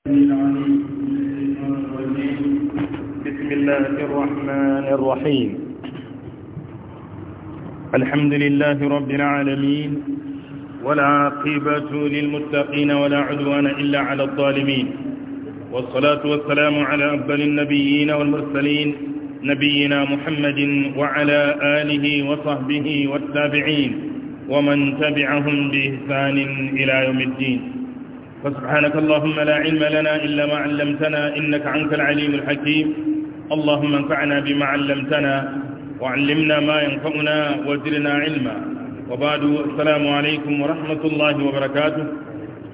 بسم الله الرحمن الرحيم الحمد لله رب العالمين والعاقبة للمتقين ولا عدوان إلا على الظالمين والصلاة والسلام على أفضل النبيين والمرسلين نبينا محمد وعلى آله وصحبه والتابعين ومن تبعهم بإحسان إلى يوم الدين فسبحانك اللهم لا علم لنا إلا ما علمتنا إنك عنك العليم الحكيم اللهم انفعنا بما علمتنا وعلمنا ما ينفعنا وزرنا علما وبعد السلام عليكم ورحمة الله وبركاته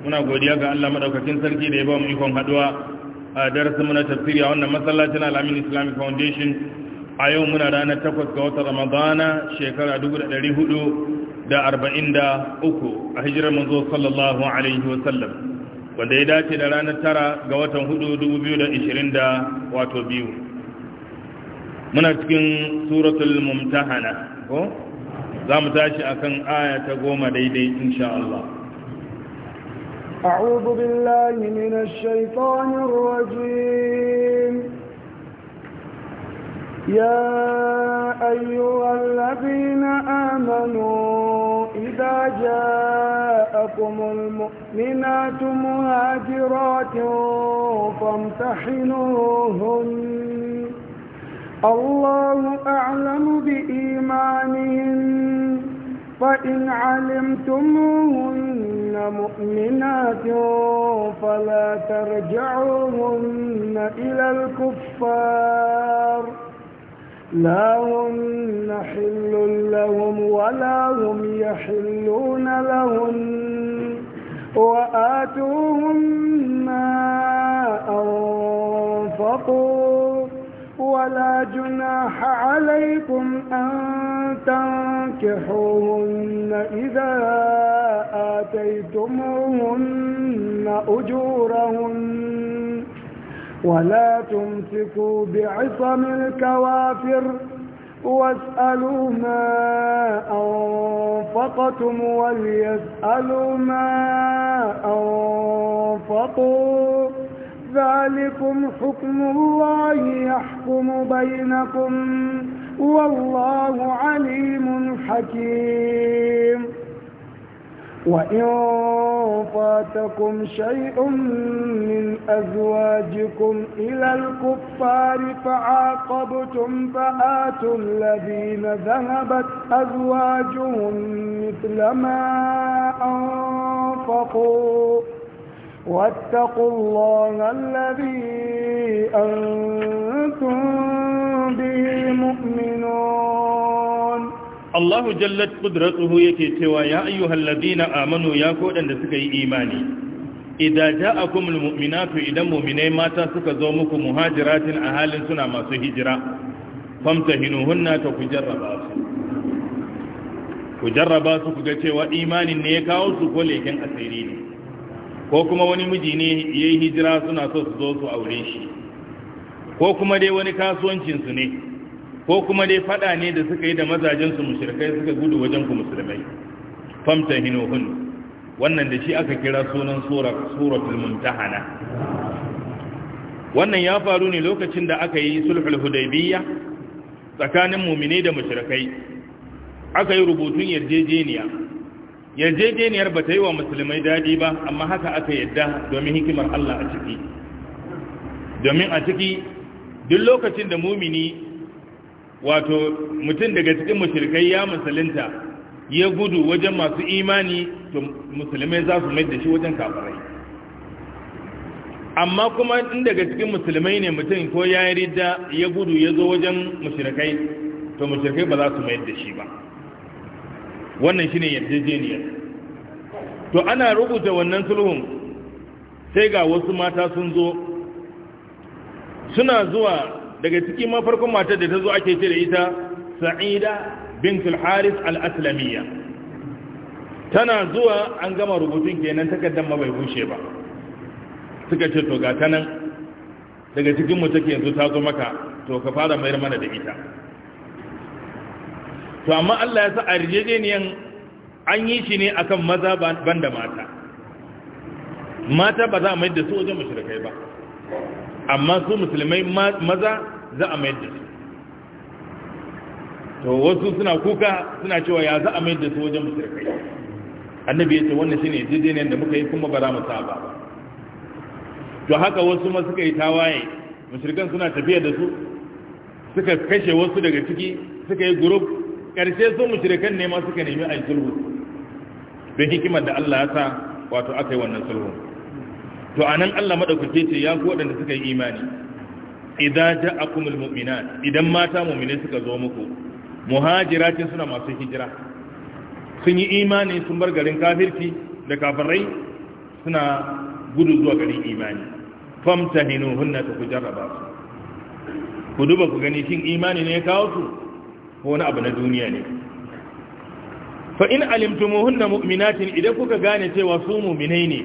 muna godiya ga Allah madaukakin sarki da ya ba mu ikon a darasin muna tafsiri a wannan masallacin Al-Amin Islamic Foundation a yau muna ranar takwas ga wata Ramadana shekara 1443 a hijirar manzo sallallahu alaihi wasallam wanda ya dace da ranar tara ga watan hudu dubu biyu da ishirin da wato biyu muna cikin suratul mumtahana ko za mu tashi kan aya ta goma daidai insha Allah أعوذ بالله من الشيطان الرجيم يا أيها الذين آمنوا إذا جاءكم المؤمنات مهاجرات فامتحنوهن الله أعلم بإيمانهن فإن علمتموهن مؤمنات فلا ترجعوهن إلى الكفار لا هم نحل لهم ولا هم يحلون لهم وآتوهم ما أنفقوا ولا جناح عليكم أن تنكحوهن إذا آتيتموهن أجورهن ولا تمسكوا بعصم الكوافر واسألوا ما أنفقتم وليسألوا ما أنفقوا ذلكم حكم الله يحكم بينكم والله عليم حكيم وإن فاتكم شيء من أزواجكم إلى الكفار فعاقبتم فآتوا الذين ذهبت أزواجهم مثل ما أنفقوا واتقوا الله الذي أنتم به مؤمنون Allahu jallat qudratuhu yake cewa ya ayyuhal ladina amanu ya kodan da suka yi imani idza ja'akumul mu'minatu idan mu'minai mata suka zo muku muhajiratin a halin suna masu hijira famtahinuhunna ta kujarraba su ku jarraba su ku cewa imanin ne ya kawo su ko leken asiri ne ko kuma wani miji ne yayi hijira suna so su zo su aure shi ko kuma dai wani kasuwancin su ne ko kuma dai fada ne da suka yi da mazajensu mushrikai suka gudu wajen ku musulmai famta hinuhun wannan da shi aka kira sunan suratul muntahana wannan ya faru ne lokacin da aka yi sulhul hudaybiyya tsakanin mu'mine da mushrikai aka yi rubutun yarjejeniya yarjejeniyar ba ta yi wa musulmai daɗi ba amma haka aka yadda domin hikimar Allah a ciki domin a ciki duk lokacin da mumini wato mutum daga cikin mashirkai ya musulunta ya gudu wajen masu imani to musulmai za su mai da shi wajen kafirai amma kuma in daga cikin musulmai ne mutum ko ya yi ridda ya gudu ya zo wajen mashirkai to mashirkai ba za su mai da shi ba wannan shi ne yarjejeniyar to ana rubuta wannan sulhun sai ga wasu mata sun zo suna zuwa daga ciki ma farkon matar da ta zo ake ce da ita sa'ida bintul haris al-aslamiyya tana zuwa an gama rubutun kenan takardar ma bai bushe ba suka ce to ga ta nan daga cikin mu take yanzu ta zo maka to ka fara mayar mana da ita to amma Allah ya sa a rijejeniyan an yi shi ne akan maza banda mata mata ba za a da su wajen mashirkai ba amma su musulmai maza za a mayar da su to wasu suna kuka suna cewa ya za a mayar da su wajen musulmai annabi ya ce wannan shine ne da muka yi kuma ba za mu saba ba to haka wasu ma suka yi tawaye musulmai suna tafiya da su suka kashe wasu daga ciki suka yi group karshe su musulmai ne ma suka nemi yi sulhu don hikimar da Allah ya sa wato aka yi wannan sulhu to anan Allah madaukake ce ya ku waɗanda suka yi imani idza ja'akumul mu'minat idan mata mu'mine suka zo muku muhajirati suna masu hijira sun yi imani sun bar garin kafirci da kafirai suna gudu zuwa garin imani famtahinu hunna ta kujarraba su ku duba ku gani shin imani ne ya kawo su ko wani abu na duniya ne fa in alimtumuhunna mu'minatin idan kuka gane cewa su mu'minai ne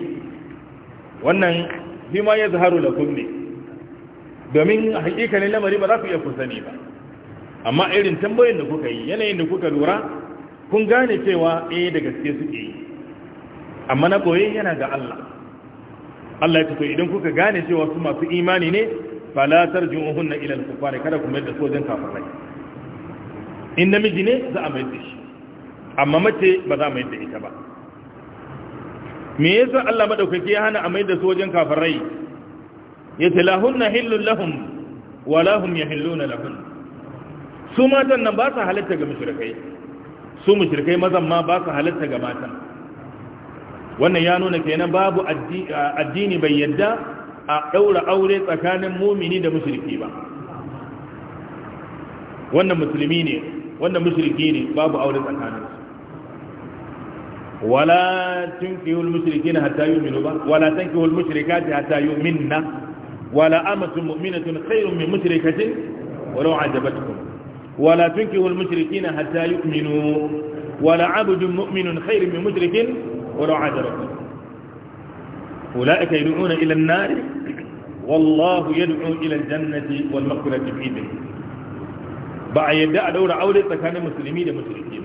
wannan shi ya zaharu da ne domin ne lamari ba za ku iya kusani ba amma irin tambayoyin da kuka yi yanayin da kuka lura kun gane cewa ɗaya eh, da gaske suke yi amma na koyi yana ga Allah Allah ya tafi idan kuka gane cewa su masu imani ne fala tarji'uhunna ila al-kufari kada ku mai da sojin kafirai in namiji ne za a mai da shi amma mace ba za a mai da ita ba me yasa Allah madaukake ya hana a mai da su wajen kafirai yace lahunna hillul lahum wa lahum yahilluna lahun su matan nan ba su halatta ga mushrikai su mushrikai mazan ma ba su halatta ga matan wannan ya nuna kenan babu addini bai yadda a daura aure tsakanin mumini da mushriki ba wannan musulmi ne wannan mushriki ne babu aure tsakanin ولا تنكه المشركين حتى يؤمنوا ولا تنكه المشركات حتى يؤمنن ولا أمة مؤمنة خير من مشركة ولو عجبتكم ولا تنكه المشركين حتى يؤمنوا ولا عبد مؤمن خير من مشرك ولو عجبتكم أولئك يدعون إلى النار والله يدعو إلى الجنة والمغفرة بإذنه بعد يدعى دور عودة كان المسلمين مشركين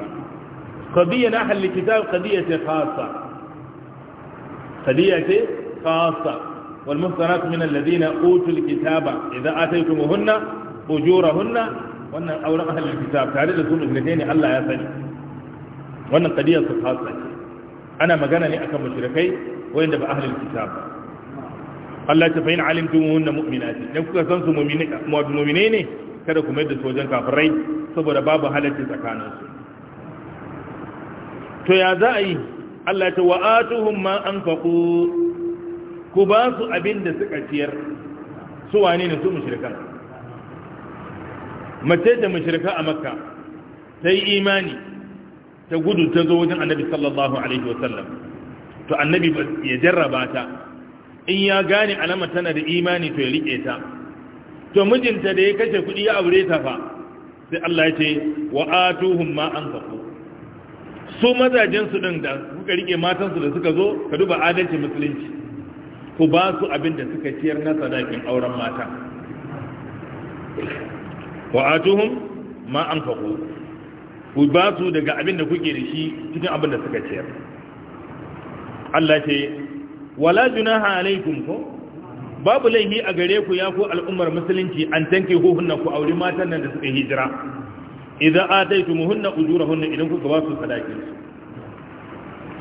qadiyya na ahli kitab qadiyya ce khassa qadiyya ce khassa wal muhsanat min alladhina utul kitaba idza ataytumuhunna ujurahunna wannan auren ahli kitab tare da su ne Allah ya sani wannan qadiyya su khassa ana magana ne akan mushrikai wayanda ba ahli kitab ba Allah ta fa'in alimtumuhunna kuka san ne kada ku da sojan kafirai saboda babu halacci tsakaninsu to ya za a yi Allah ta wa'atuhun ma an faƙo ku ba su abin da suka ciyar su wane ne su mashirka mace da mashirka a makka ta yi imani ta gudu ta zo wajen annabi sallallahu alaihi wasallam to annabi ya jarraba ta in ya gane alama tana da imani to ya riƙe ta to mijinta da ya kashe kuɗi ya aure ta fa sai Allah ya ce wa'atuhun ma an faƙo su mazajensu ɗin da suka rike matansu da suka zo ka duba adalci musulunci ku ba su abin da suka ciyar na sadakin auren mata wa atuhum ma an faku ku ba su daga abin da kuke da shi cikin abin da suka ciyar Allah ce wala junaha alaikum ko babu laihi a gare ku ya ku al'ummar musulunci an tanke huhunna ku auri matan nan da suka hijira idan a muhunna ujurahunna idan kuka ba su sadakin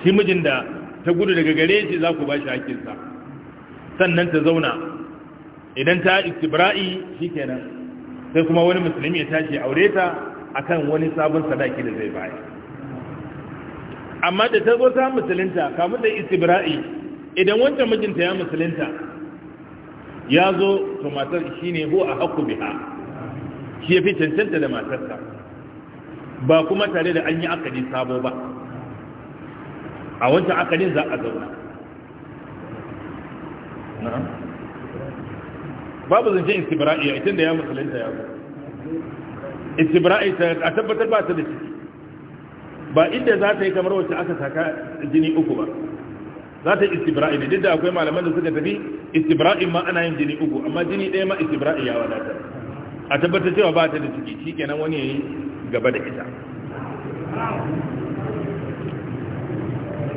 shi mijin da ta gudu daga gare shi za ku ba shi hakinsa? sannan ta zauna idan ta istibra'i kenan. sai kuma wani musulmi ya tashi aure ta akan wani sabon sadaki da zai bayar amma da ta zo ta musulunta kamun da istibra'i idan wancan mijinta ya musulunta ya zo to matar shine ho a haku biha shi ya fi cancanta da matarsa ba kuma tare da an yi akadin sabo ba a wancan akadin za a zauna babu zance istibra'i a itin da ya musulunta ya istibra'i a tabbatar ba ta da ciki ba inda za ta yi kamar wacce aka saka jini uku ba za ta yi istibra'i ne duk da akwai malaman da suka tafi istibra'in ma ana yin jini uku amma jini ɗaya ma istibra'i ya wadata a tabbatar cewa ba ta da ciki kenan wani yayi gaba da ita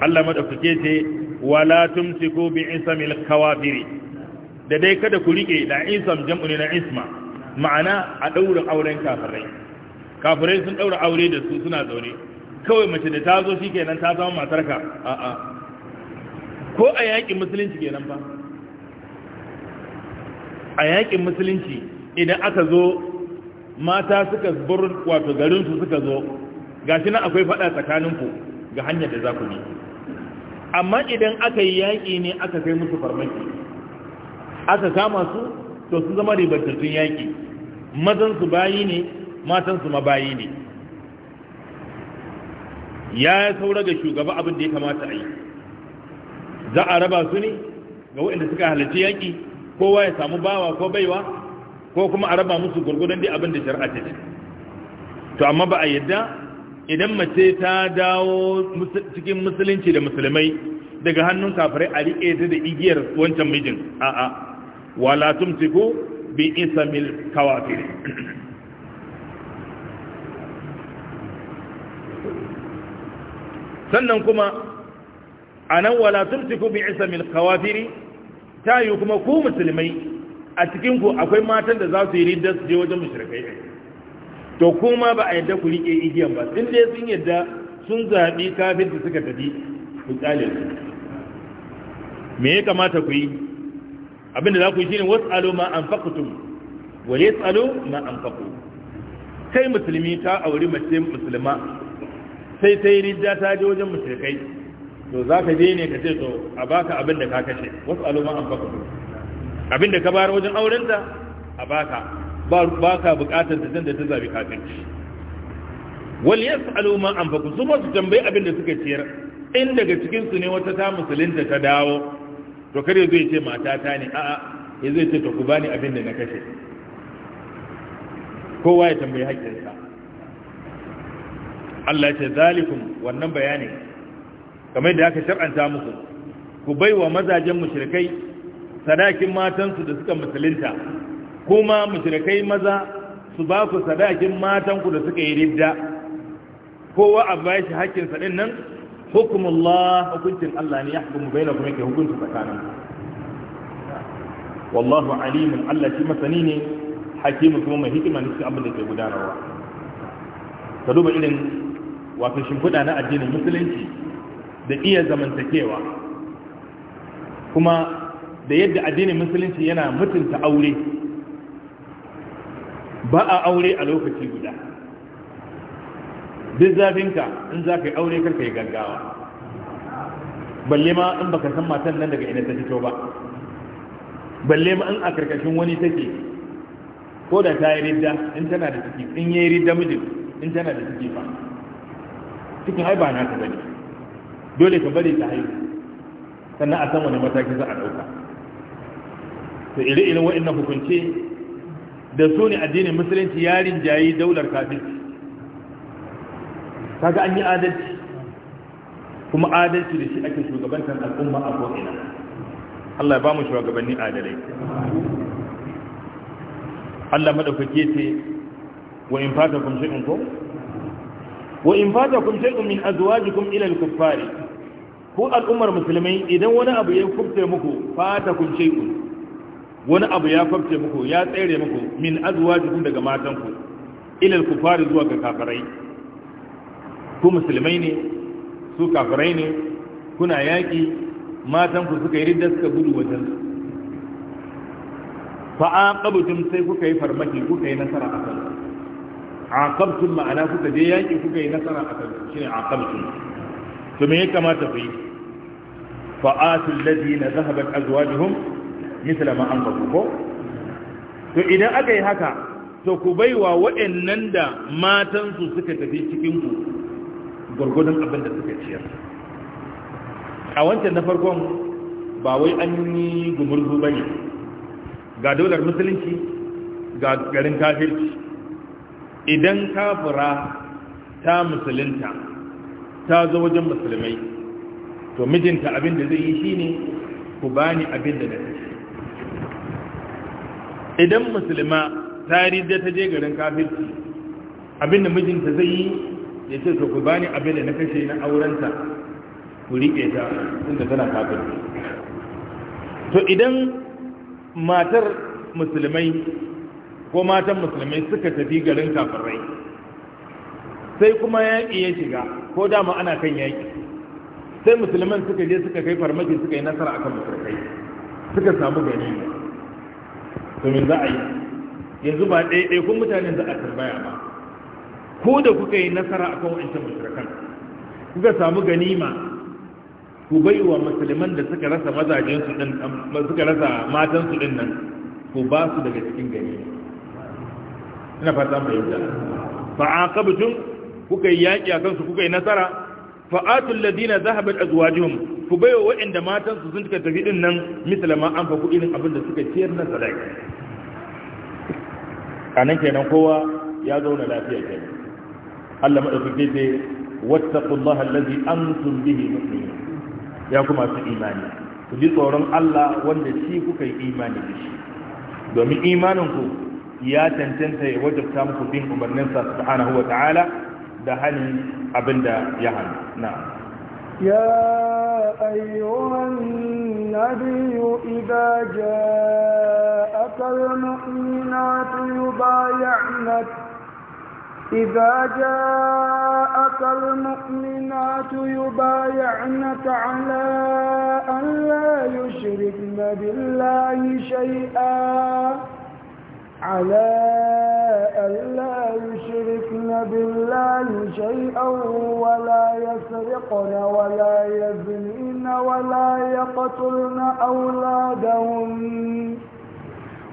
Allah madaukake ce wala tumsiku bi ismil kawafir da dai kada ku rike da isam jam'u na isma ma'ana a daura auren kafirai kafirai sun daura aure da su suna zaure kawai mace da ta zo kenan ta zama matarka a'a ko a yakin musulunci kenan ba? a yakin musulunci idan aka zo mata suka bar wato garinsu suka zo gashi nan akwai faɗa tsakaninku ga hanyar da za ku bi amma idan aka yi yaƙi ne aka kai musu farmaki aka kama su to su zama ribantattun yaƙi su bayi ne matansu mabayi ne ya saura ga shugaba abin da ya kamata a yi za a raba su ne ga waɗanda suka halarci yaƙi kowa ya samu bawa ko baiwa ko kuma a raba musu gurgudan da abin da shari'a ta ce to amma ba a yadda idan mace ta dawo cikin musulunci da musulmai daga hannun kafirai a riƙe ta da igiyar wancan mijin a'a wala tumsiku bi isamil kawafir sannan kuma anan wala tumsiku bi isamil kawafiri ta yi kuma ku musulmai a cikin ku akwai matan da za su yi riddar su je wajen mushrikai to kuma ba a yadda ku rike igiyan ba in dai sun yadda sun zaɓi kafin da suka tafi ku tsale su me ya kamata ku yi abin da za ku yi shine was'alu ma anfaqtum wa yas'alu ma anfaqu kai musulmi ta auri mace musulma sai sai ridda ta je wajen mushrikai to za ka je ne ka ce to a baka abin da ka kashe was'alu ma anfaqtum Abin da ka bayar wajen aurenta a baka ba ka bukatar ta da ta zabi kafirci wal yas'alu ma anfaqu su su tambayi da suka ciyar in daga cikin su ne wata ta musulunta ta dawo to kare zai ce mata ta ne a'a ya zai ce to ku bani abin da na kashe kowa ya tambayi haƙƙinsa Allah ce zalikum wannan bayani kamar da aka shar'anta muku ku baiwa mazajen mushrikai sadakin matansu da suka musulunta kuma mushrikai maza su ba ku sadakin matanku da suka yi ridda kowa a ba shi hakkin sa nan hukumullah hukuncin Allah ne ya Baina kuma yake hukunci tsakanin wallahu alimun Allah shi masani ne hakimu kuma mai hikima ne cikin abin da ke gudanarwa ka duba irin wato shimfiɗa na addinin musulunci da iya zamantakewa kuma da yadda addinin musulunci yana mutunta aure ba a aure a lokaci guda duk zafinka in za ka yi aure karka yi gaggawa balle ma in baka san matan nan daga ina ta fito ba balle ma in a karkashin wani take ko da ta yi ridda in tana da ciki in yi ridda mijin in tana da ciki fa cikin ai ba na ta bane dole ka bari ta haihu sannan a san wani mataki za a ɗauka to ire-iren waɗannan hukunce da su ne addinin musulunci ya rinjayi daular kafirci kaga an yi adalci kuma adalci da shi ake shugabantar al'umma a ko'ina Allah ya ba mu shugabanni adalai Allah madaukake ce wa in fata kum shay'un ko wa in fata kum shay'un min azwajikum ila al-kuffari ko al'ummar musulmai idan wani abu ya kubce muku fata kum shay'un wani abu ya farce muku ya tsere muku min jikin daga matanku ilal kufari zuwa ga kafirai ku musulmai ne su kafirai ne kuna yaƙi matanku suka yi ridda suka gudu wajen su fa'aqabtum sai kuka yi farmaki kuka yi nasara a kan aqabtum ma'ana kuka je yaƙi kuka yi nasara a kan shine aqabtum to me ya kamata ku yi fa'atul ladina zahabat azwajuhum misla ma an faɗo ko to idan aka yi haka to ku baiwa waɗannan da matansu suka tafi cikin ku gwargwadon abin da suka ciyar a wancan na farkon ba wai an yi gumurzu ba ne ga dolar musulunci ga garin kafirci idan kafira ta musulunta ta zo wajen musulmai to mijinta abin da zai yi shine ku bani abin da na idan musulma ta rida ta je garin kafirci abinda mijinta zai yi ya ce to ku bani abin da na kashe na aurenta ku riƙe ta inda tana kafirci to idan matar musulmai ko matan musulmai suka tafi garin kafirai sai kuma yaƙi ya shiga ko dama ana kan yaƙi sai musulman suka je suka kai farmaki suka yi nasara akan musulmai suka samu gani to za a yi yanzu ba ɗaiɗai kun mutanen za a tambaya ba ko da kuka yi nasara a kan wancan mashirakan kuka samu ganima ku bai wa musulman da suka rasa mazajen su din suka rasa matan su din nan ku ba su daga cikin gani. ina fata mai yadda fa aqabtum kuka yi yaƙi akan su kuka yi nasara fa'atul ladina zahabat azwajuhum ku baiwa waɗanda matan su sun suka tafi din nan misala ma an faku irin abin da suka ciyar na sadaki anan kenan kowa ya zauna lafiya kenan Allah madaukake ce wattaqullaha allazi antum bihi mu'minun ya kuma su imani ku ji tsoron Allah wanda shi kuka yi imani da shi domin imaninku ya tantance ya wajabta muku bin umarninsa subhanahu wa ta'ala da hani abinda ya hana na'am يا أيها النبي إذا جاءك المؤمنات يبايعنك إذا جاءك المؤمنات يبايعنك على أن لا يشركن بالله شيئا على ألا يشركن بالله شيئا ولا يسرقن ولا يزنين ولا يقتلن أولادهن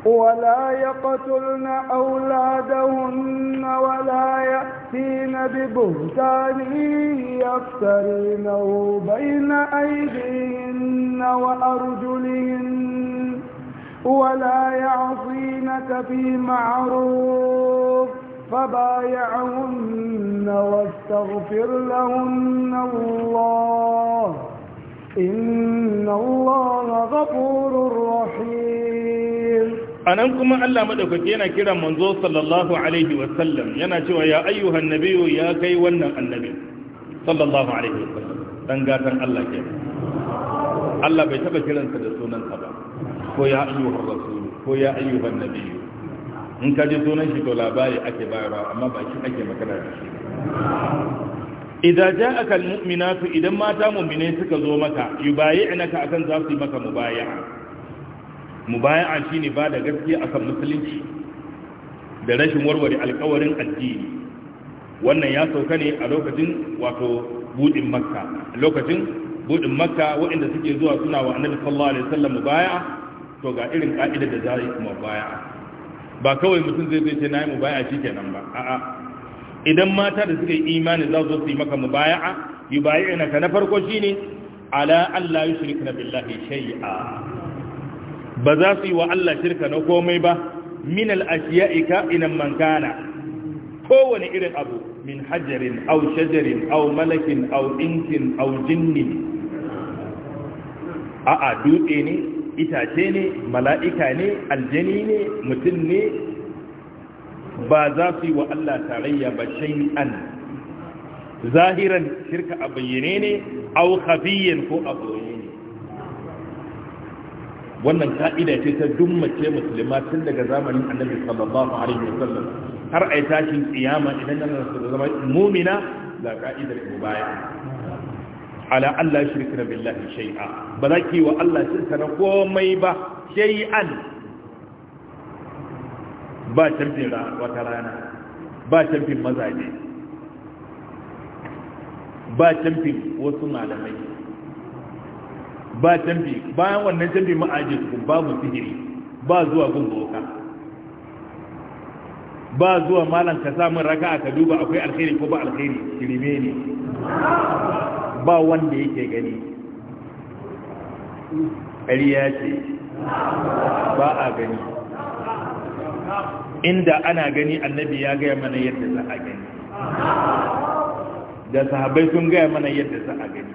ولا يقتلن أولادهن ولا يأتين ببهتان يفترينه بين أيديهن وأرجلهن ولا يعصينك في معروف فبايعهن واستغفر لهن الله إن الله غفور رحيم anan kuma Allah madaukake yana kira manzo sallallahu alaihi wa sallam yana cewa ya ayyuhan nabiyyu ya kai wannan annabi sallallahu alaihi wa sallam dan gatan Allah ke Allah bai taba kiransa da sunan ko ya ayyuhar rasulu ko ya ayyuhan nabiyyu in ka ji sunan shi to labari ake bayarwa amma ba shi ake magana da shi idan ja aka mu'minatu idan mata mu'mine suka zo maka yi inaka akan za su yi maka mubaya'a shi ne ba da gaskiya akan musulunci da rashin warware alkawarin addini wannan ya sauka ne a lokacin wato budin makka lokacin budin makka waɗanda suke zuwa suna wa annabi sallallahu alaihi wasallam mubaya'a to ga irin ka'idar da za a yi kuma baya ba kawai mutum zai zai ce na yi mu baya shi kenan ba a'a idan mata da suka yi imani za su yi maka mu baya yi baya na ka na farko shi shine ala Allah yi shirka na billahi shay'a ba za su yi wa Allah shirka na komai ba min al-ashiya'ika inan man kana kowane irin abu min hajarin, au shajarin au malakin au insin au jinnin a'a dutse ne itace ne mala'ika ne aljani ne mutum ne ba za su yi wa Allah tarayya ba shay'an zahiran shirka a bayyane ne au khafiyan ko a boye ne wannan ka'ida ce ta dummace musulma tun daga zamanin annabi sallallahu alaihi wasallam har ai tashin tsiyama idan nan su zama mu'mina da ka'idar baya. ala Allah shirka billahi shai'a, ba za ki wa Allah shirka na komai ba shay'an ba tarfin wata rana ba tarfin mazaje ba tarfin wasu malamai ba tarfi bayan wannan tarfi ma'ajin ku babu sihiri ba zuwa gumboka ba zuwa malam ka samun raka'a ka duba akwai alkhairi ko ba alkhairi shirme ne ba wanda yake gani ƙariya ce ba a gani inda ana gani annabi ya gaya mana yadda za a gani da sahabai sun gaya mana yadda za a gani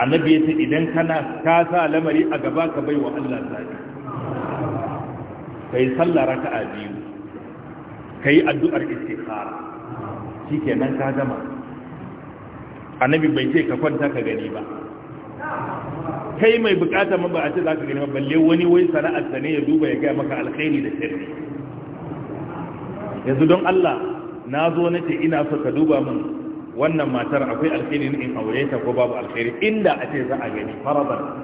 annabi ya ce idan kana ka sa lamari a gaba ka bai wa Allah zaɓi kai sallah raka'a biyu kai addu'ar istikhara shikenan ka gama annabi bai ce ka kwanta ka gani ba kai mai bukata ma ba a ce za ka gani ba balle wani wai sana'ar sa ne ya duba ya gaya maka alkhairi da sirri yanzu don Allah na zo na ce ina so ka duba min wannan matar akwai alkhairi ne in aure ta ko babu alkhairi inda a ce za a gani farabar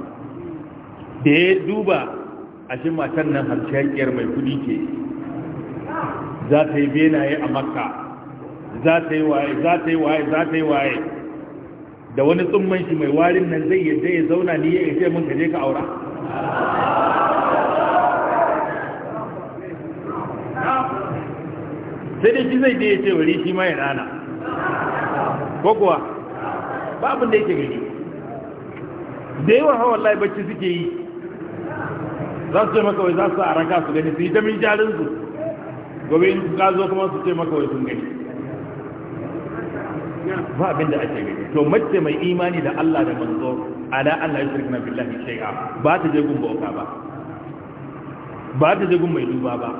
da ya duba a shi matar nan hamshakiyar mai kudi ke? za ta yi benaye a makka za ta yi waye za ta yi waye za ta yi waye da wani tsumman shi mai warin nan zai yadda ya zauna ni ya ce mun kaje ka aura sai dai shi zai da ya ce wari shi ma ya rana ko kuwa ba abin da yake gani da yawa hawan lai bacci suke yi za su ce maka za su araka su gani su yi damin jarinsu gobe in ka zo kuma su ce maka sun gani ba abin da ake gani to mace mai imani da Allah da manzo ala Allah ya shirka billahi shay'a ba ta je gun bauta ba ba ta je gun mai duba ba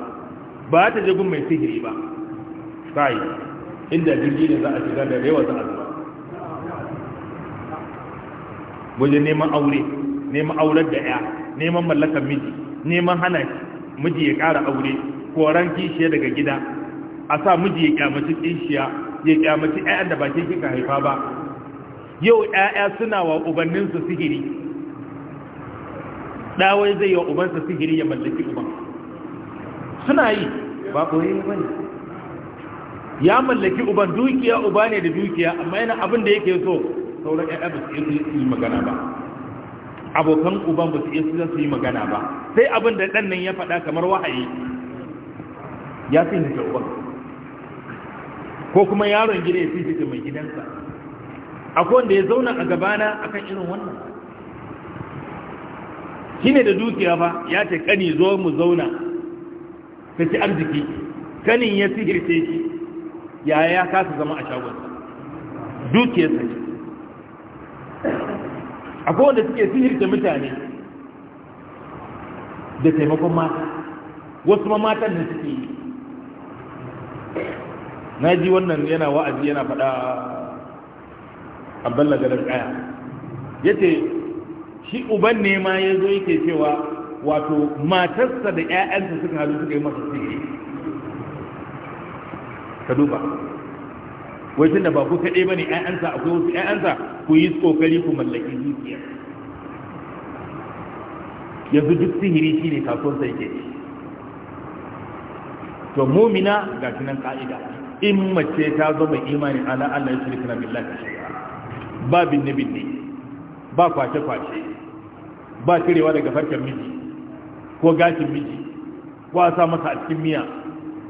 ba ta je gun mai sihiri ba sai inda jirgi ne za a shiga da rewa za a zuwa wajen neman aure neman auren da ya neman mallakar miji neman hana miji ya ƙara aure koran kishiya daga gida a sa miji ya kyamaci kishiya ya kyamaci ƴaƴan da ba ke kika haifa ba yau ƴaƴa suna wa ubanninsu sihiri ɗawai zai yi wa ubansa sihiri ya mallaki uban suna yi ba ɓoye ba ne ya mallaki uban dukiya uba ne da dukiya amma yana abin da yake so sauran ƴaƴa ba su iya su yi magana ba abokan uban ba su iya su yi magana ba sai abin da ɗan nan ya faɗa kamar wahayi ya fi uban ko kuma yaron gida ya fi mai gidansa akwai wanda ya zauna a gabana akan irin wannan shi ne da dukiya ba ya ce kani zo mu zauna ta ci arziki kanin ya sihirce shi yaya ya kasa zama a shagonsa dukiyarsa ce akwai wanda suke sihirce mutane da taimakon mata wasu ma matan da suke yi na ji wannan yana wa'azi yana faɗa abdalla garin kaya ya ce shi uban ne ma ya zo yake cewa wato matarsa da 'ya'yansa suka halu suka yi masa sihiri ka duba wai tun da ba ku kaɗai ba ne 'ya'yansa akwai wasu 'ya'yansa ku yi tsokari ku mallaki zuciya. yanzu duk sihiri shi ne kasuwar sai ke to mumina ga shi nan ka'ida in mace ta zo mai imani ala Allah ya shirka na billahi ba binne binne ba kwace kwace ba cirewa daga farkon miji ko gashin miji ko a sa masa a cikin miya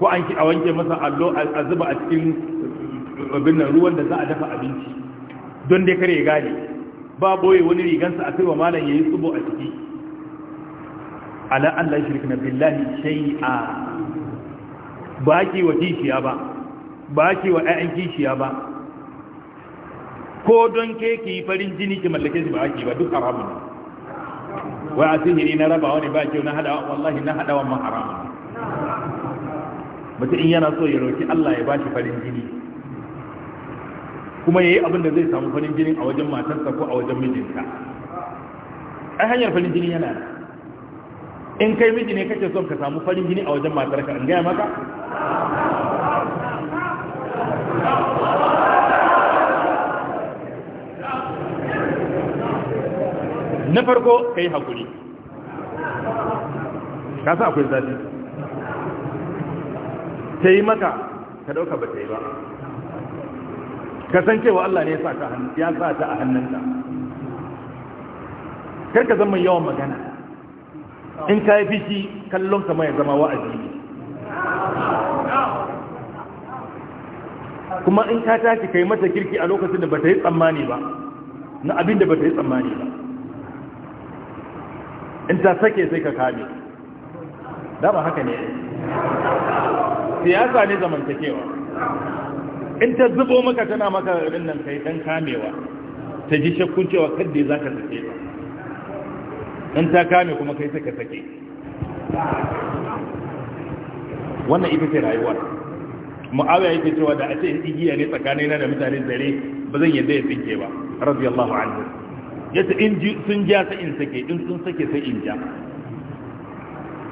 ko an ki a wanke masa allo a zuba a cikin eh, abin ruwan da za a dafa abinci don dai kare gane ba boye wani rigansa a kaiwa malam yayi tsubo a ciki ala Allah shirkina billahi shay'a ba ki wa kishiya ba ba ki wa ayyan kishiya ba ko don ke ki yi farin jini ki mallake shi ba ake ba duk haramu ne wai a na raba ne ba kyau na hada wallahi na hada wannan haramu mutum in yana so ya roki Allah ya bashi farin jini kuma yayi abin da zai samu farin jini a wajen matarsa ko a wajen mijinta. ai hanyar farin jini yana in kai miji ne kake son ka samu farin jini a wajen matarka in gaya maka na farko ka yi haƙuri ka sa akwai zafi ta yi maka ka ɗauka ba ta yi ba ka san cewa Allah ne ya sa ta a hannunta karka zama yawan magana in ka yi fishi kallon kama ya zama wa'azi ne kuma in ka tashi ka yi mata kirki a lokacin da ba ta yi tsammani ba na abin da ba ta yi tsammani ba in ta sake sai ka kame da ba haka ne siyasa ne zamantakewa in ta zubo maka tana maka rin nan kai dan kamewa ta ji shakkuncewa cewa za ka sake ba, in ta kame kuma kai sai ka sake wannan ita ce rayuwa mu'awiya yake cewa da a ce igiya ne tsakanina da mutane dare ba zan yadda ya tsinke ba radiyallahu anhu ya ta in sun ja sai in sake in sun sake sai in ja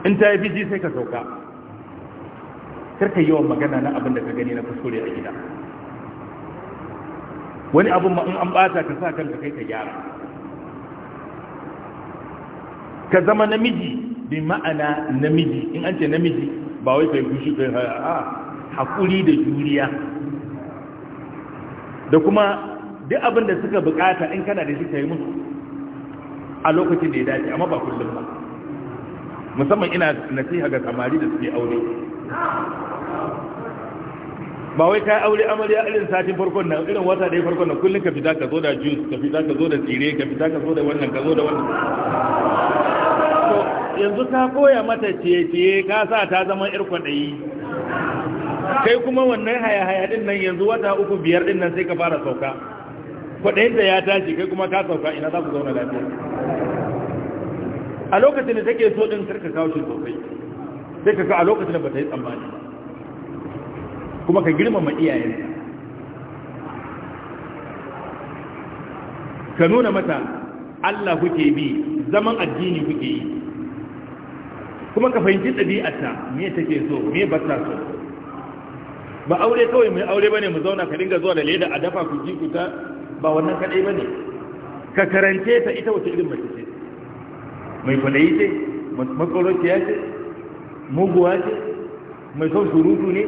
in ta yi fiji sai ka sauka karka yawan magana na abin da ka gani na kuskure a gida wani abin ma in an bata ka sa kanka kai ka gyara ka zama namiji bi ma'ana namiji in an ce namiji ba wai kai gushi kai ha hakuri da juriya da kuma duk abin da suka bukata in kana da shi ka yi musu a lokacin da ya dace amma ba kullum ba musamman ina nasiha ga samari da suke aure ba wai kai aure amarya irin satin farkon nan irin wata da farkon nan kullum ka fita ka zo da juice ka fita ka zo da tsire ka fita ka zo da wannan ka zo da wannan to yanzu ka koya mata ciye-ciye ka sa ta zama ir kwadayi kai kuma wannan haya-haya din nan yanzu wata uku biyar din nan sai ka fara sauka kwaɗayin da ya tashi kai kuma ka sauka ina za ku zauna lafiya a lokacin da take so ɗin karka kawo shi sosai sai ka ka a lokacin da ba ta yi tsammani kuma ka girmama iyayen ka nuna mata Allah kuke bi zaman addini kuke yi kuma ka fahimci ɗabi'arta me take so me ba ta so ba aure kawai mai aure ba ne mu zauna ka dinga zuwa da leda a dafa ku ji ku ta ba wannan kadai ba ne ka karance ta ita wata irin mace ce mai kwadayi ce matsalociya ce muguwa ce mai son surutu ne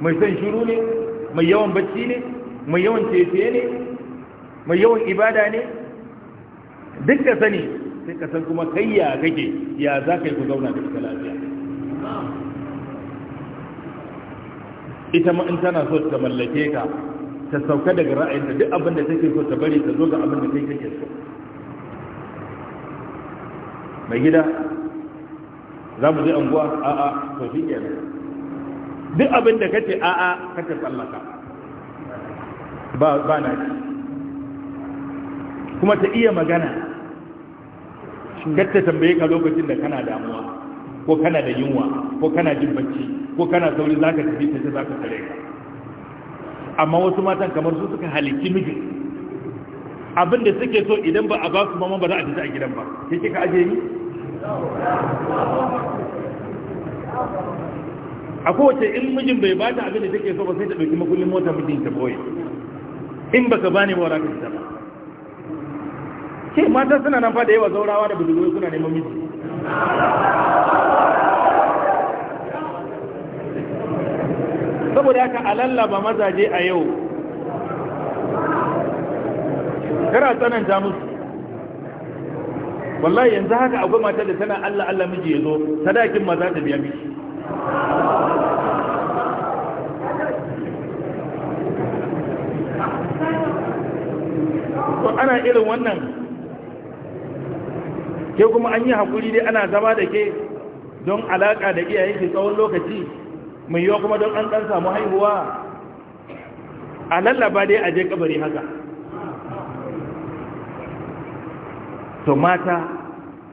mai son shuru ne mai yawan bacci ne mai yawan tefiye ne mai yawan ibada ne duk ka sani sai ka san kuma kai ya kake ya za ka yi ku zauna da ita lafiya ita ma in tana so ta mallake ka ta sauka daga ra'ayin da duk abin da take so ta bari ta zo ga abin da take kake so mai gida za mu je anguwa a'a to shi nan duk abin da kace a'a kace tsallaka ba ba na kuma ta iya magana gatta tambaye ka lokacin da kana damuwa ko kana da yunwa ko kana jin bacci ko kana sauri zaka tafi ta ce zaka tare ka amma wasu matan kamar su suka halitti miji abin da suke so idan ba a ba su mama ba za a ji a gidan ba ke kika aje ni a kowace in mijin bai ba ta abin da take so ba sai ta ɗauki makullin mota mijin ta boye in ba ka bani ba raka ta ba ke mata suna nan fa da yawa zaurawa da budurwai suna neman miji saboda haka lallaba mazaje a yau kara tsananta musu wallahi yanzu haka akwai matar da tana Allah Allah miji ya zo sadakin maza ta biya miki ana irin wannan ke kuma an yi hakuri dai ana zama da ke don alaƙa da ke tsawon lokaci mai yiwa kuma don an ɗan samu haihuwa a lallaba dai a je kabari haka to mata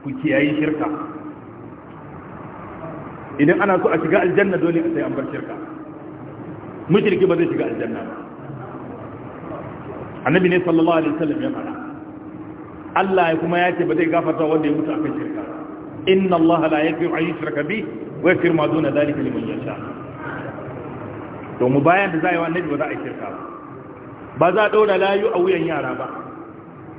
ku kiyayi shirka idan ana so a shiga aljanna dole a sai an bar shirka mushriki ba zai shiga aljanna ba annabi ne sallallahu alaihi wasallam ya fara Allah ya kuma ya ce ba zai gafarta wanda ya mutu akan shirka inna Allah la yaghfiru an yushraka bihi wa yaghfiru ma duna dhalika liman yasha domin bayan da za a yi wa annabi ba za a yi shirka ba ba za a ɗaura layu a wuyan yara ba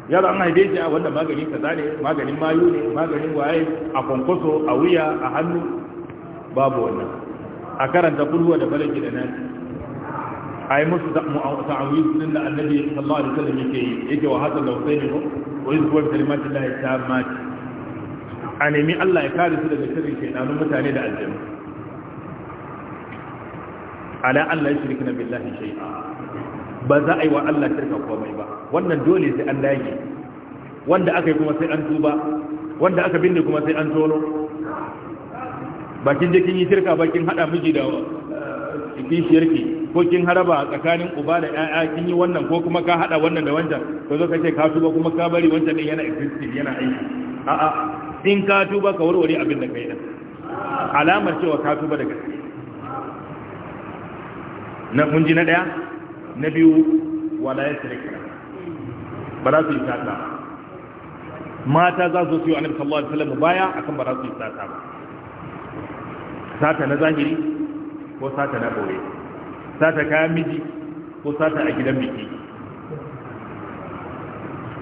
Yara an haife shi a wanda maganin kaza ne maganin mayu ne maganin waye a kwankwaso a wuya a hannu babu wannan a karanta kulwa da balaki da nasi a yi musu ta'awiz din da annabi sallallahu alaihi wasallam yake yi yake wa hasan da husaini ko wa yusuf da kalimatin ta mati. a nemi Allah ya kare su daga shirin shaytanun mutane da aljanu ala Allah ya shirka na billahi shay'a ba za a yi wa Allah shirka komai ba wannan dole sai an dage wanda aka yi kuma sai an tuba wanda aka binne kuma sai an tono bakin je kin yi shirka bakin hada miji da kishiyarki ko kin haraba tsakanin uba da ƴaƴa kin yi wannan ko kuma ka hada wannan da wancan to zo ka ce ka tuba kuma ka bari wancan din yana existing yana aiki a'a in ka tuba ka warware abin da kai da alamar cewa ka tuba da gaske na kun ji na daya na biyu wala ya kira ba za su yi sata ba mata za su yi annabi sallallahu alaihi wasallam baya akan ba za su yi sata ba sata na zahiri ko sata na bore sata kayan miji ko sata a gidan biki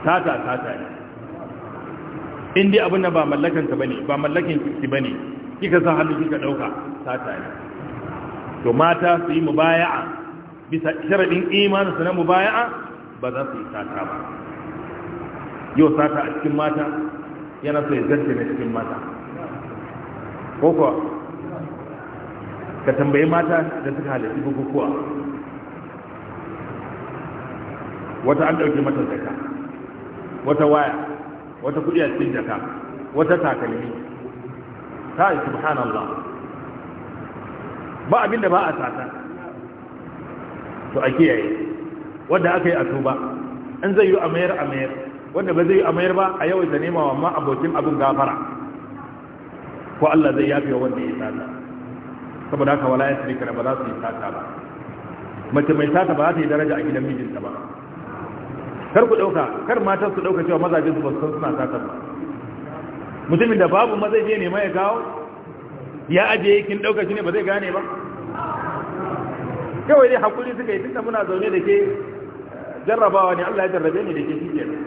sata sata ne in dai abin da ba ne bane ba mallakin ki bane kika sa hannu kika dauka sata ne to mata su yi mubaya'a bisa sharadin imanin su na mubaya'a ba za su yi sata ba yau sata a cikin mata yana so ya zarce na cikin mata ko kuwa ka tambayi mata da suka halarci bukukuwa wata an ɗauki mata jaka wata waya wata kuɗi a cikin jaka wata takalmi ta yi subhanallah ba abin da ba a sata to a kiyaye wanda aka yi a tuba in zai yi a mayar a mayar wanda ba zai yi a mayar ba a yawaita nema wa ma abokin abin gafara ko Allah zai yafe wa wanda ya sata saboda haka wala ya tsirika ba za su yi sata ba mace mai sata ba za ta yi daraja a gidan mijinta ba kar ku dauka kar matan su dauka cewa mazajen su ba su san suna sata ba mutumin da babu mazaje ne ma ya kawo ya ajiye kin dauka shi ne ba zai gane ba kawai dai hakuri suka yi tunda muna zaune da ke jarrabawa ne Allah ya jarrabe ni da ke shi kenan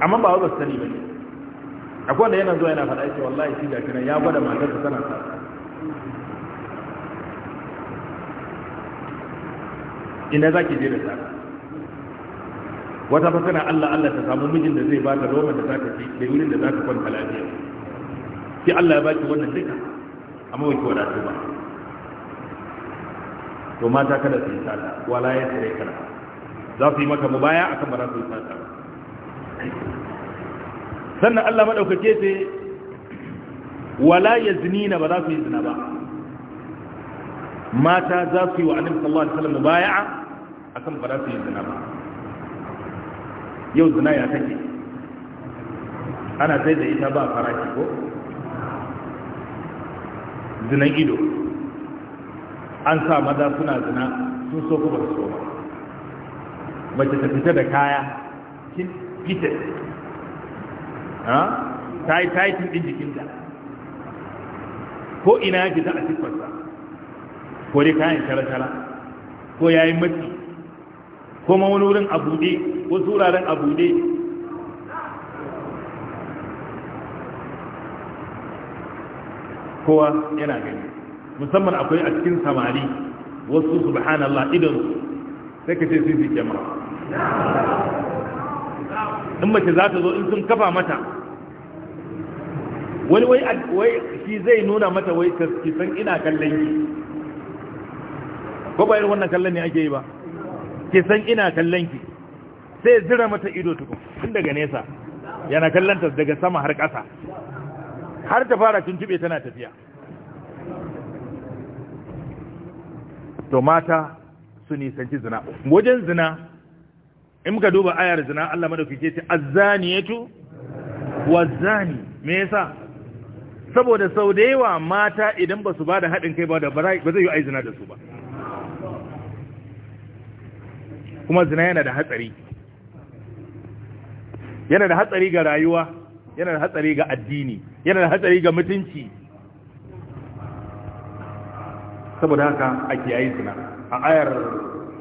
amma ba ba sani ba ne akwai wanda yana zuwa yana faɗa ce wallahi shi da kiran ya gwada matar ta tana sa ina za ki je da sata wata fa tana Allah Allah ta samu mijin da zai ba ta roman da za ta fi, da wurin da za ta kwanta lafiya sai Allah ya baki wannan duka amma wake wadatu ba to mata kada su yi sata wala ya tsare kana za su yi maka mu baya akan ba za su yi sata ba sannan Allah madaukake ce wala ya yaznina ba za su yi zina ba mata za su yi wa annabi sallallahu alaihi wasallam mubaya'a akan ba za su yi zina ba yau zina ya take ana sai da ita ba farashi ko zinan ido an sa maza suna zina sun so kuma su so ba mace ta fita da kaya kin fita ta yi taitin ɗin jikinta ko ina ya fita a siffarsa ko dai kayan shara-shara ko ya yi matsi ko ma wani wurin a buɗe wasu wuraren kowa yana gani musamman akwai a cikin samari wasu subhanallah idan sai ka ce sun fi kyamara in mace za ta zo in sun kafa mata wani wai shi zai nuna mata wai kisan ina kallon ki ko bayan wannan kallon ne ake yi ba san ina kallon ki sai zira mata ido tukun tun daga nesa yana kallon ta daga sama har kasa har ta fara tuntube tana tafiya to mata su nisanci zina wajen zina in muka duba ayar zina Allah madauki ce wa wazani me yasa saboda sau da yawa mata idan ba su ba da haɗin kai ba da ba zai yi aizina da su ba kuma zina yana da hatsari yana da hatsari ga rayuwa yana da hatsari ga addini yana da hatsari ga mutunci saboda haka a kiyaye suna a ayar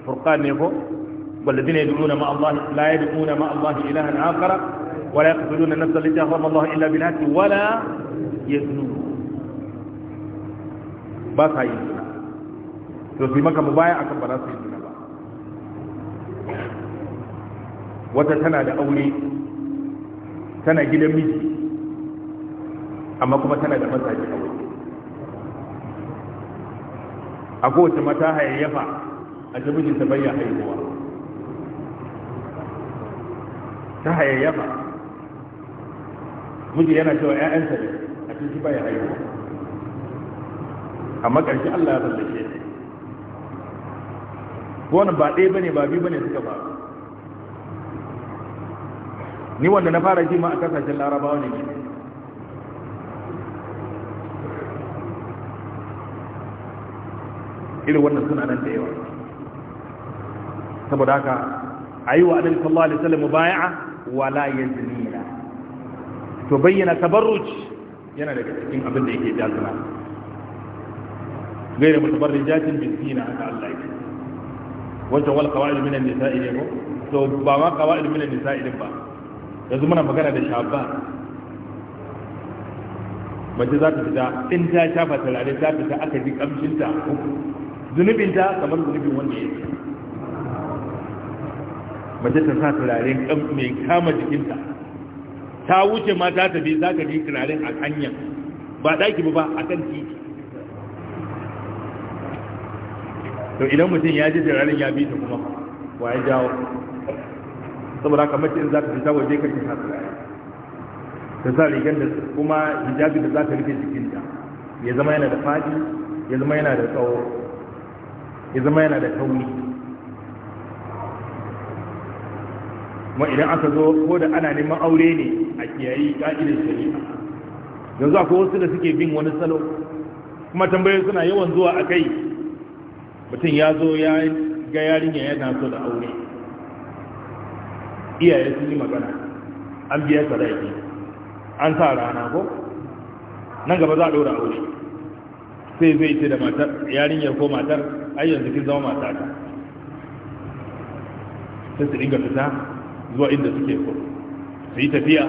furqan ne ko ba sa yin zina to su maka mubaya akan ba za su yi suna ba wata tana da aure tana gidan miji amma kuma tana da mazaje a waje a kowace mata hayayyafa a ta mijinta bayyana haihuwa ta hayayyafa miji yana cewa 'ya'yansa ne a cikin baya haihuwa amma ƙarshe Allah ya ne. ko wani ba ɗaya bane ba biyu bane suka faru ni wanda na fara jima ma a kasashen larabawa ne irin wannan suna da yawa saboda haka a yi wa annabi sallallahu alaihi wasallam bai'a wala yaznina to bayyana tabarruj yana daga cikin abin da yake jazana غير متبرجات بالزينة هذا الله وجه والقواعد من النساء إليه تو بما قواعد من النساء إليه yanzu muna magana da shaba mace za ta fita in ta shafa turare ta fita aka ji kamshinta ta kamar zunubin wanda ya mace ta sa turaren mai kama jikinta ta wuce ma ta tafi za ka ji turaren a kanya ba daki ba a kan titi to idan mutum ya ji turaren ya bi ta kuma wa ya jawo saboda haka mace in za ta fita waje ka kisa ta sa rigar da kuma hijabi da za ta rufe jikinta ya zama yana da fadi ya zama yana da tsawo ya zama yana da tauni kuma idan aka zo ko da ana neman aure ne a kiyayi ka'idar shari'a yanzu akwai wasu da suke bin wani salo kuma tambayoyi suna yawan zuwa a kai mutum ya zo ya ga yarinya yana so da aure iyaye sun yi magana an biya sadaki an sa rana ko nan gaba za a ɗora aure sai zai ce da matar yarinyar ko matar ai yanzu kin zama mata ta sai su dinga fita zuwa inda suke so su yi tafiya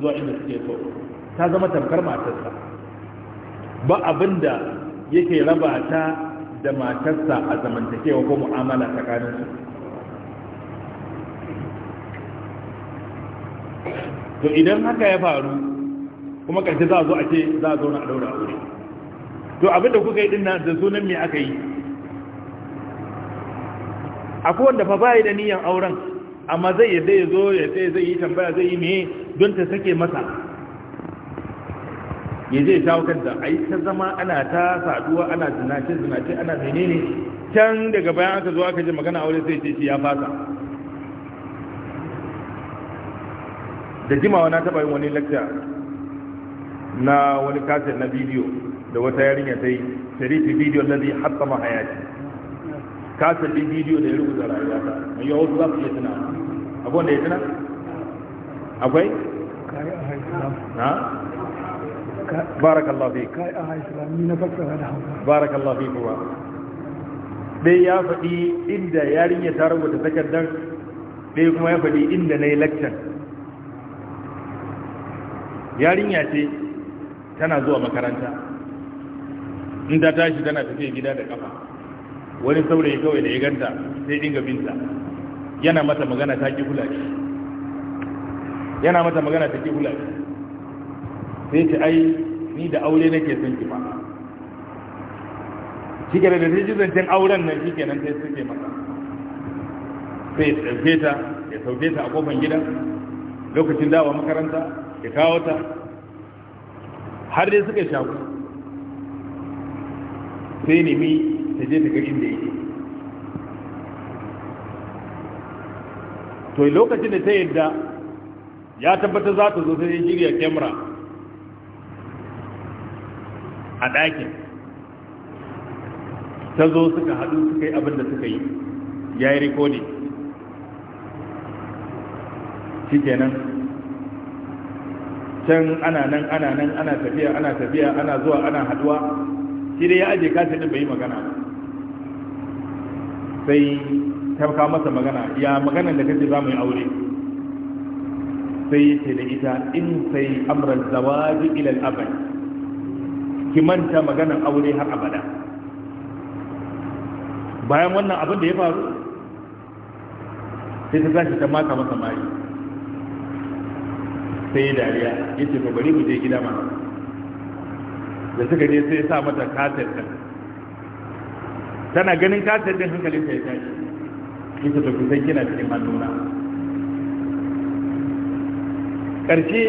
zuwa inda suke so ta zama tamkar matarsa ba abin da yake raba ta da matarsa a zamantakewa ko mu'amala tsakaninsu to idan haka ya faru kuma ƙarshe za a zo a ce za a zauna a daura aure to abin da kuka yi din da sunan me aka yi akwai wanda fa bai da niyan auren amma zai yadda ya zo ya sai zai yi tambaya zai yi me don ta sake masa ya zai shawo da ai ta zama ana ta saduwa ana zinace zinace ana menene can daga bayan aka zo aka ji magana aure sai ce shi ya fasa da jimawa na taba yin wani lecture na wani kaset na bidiyo da wata yarinya ta yi sharifi bidiyo na zai hatta mahayaki kaset din bidiyo da ya rubuta rayuwata mai yawa wasu za su yi tuna akwai da ya tuna akwai a ha بارك da فيك بارك fi فيك dai ya faɗi inda yarinya ta rubuta takardar dai kuma ya faɗi inda na yi lakcan yarinya ce tana zuwa makaranta inda ta tashi tana tafiya gida da kafa wani saurayi kawai da ya ganta sai dinga binta yana mata magana ta ki kula shi yana mata magana ta ki sai ta ai ni da aure nake son ki ba shi da ji zancen auren nan shi nan sai suke mata sai ya sauke ta ya sauke ta a kofan gidan lokacin dawa makaranta ya kawo ta har dai suka shaku sai nemi ta je ta gari da yake to lokacin da ta yadda ya tabbata za ta zo sai ya shirya kyamara a ɗakin ta zo suka haɗu suka yi abinda suka yi ya yi rikodin shikenan can ana nan ana nan ana tafiya ana tafiya ana zuwa ana haduwa shi dai ya aje kashi din bai magana sai ta kawo masa magana ya maganar da kace za mu yi aure sai ya ce da ita in sai amran zawaji ila al-abad ki manta maganar aure har abada bayan wannan abin da ya faru sai ta tashi ta maka masa mai sai ya dariya ya ce ba bari mu je gida ma da suka je sai ya sa mata kaset ɗin tana ganin kaset ɗin hankalinta ya tashi ya ce ba ku kina cikin hannuna ƙarshe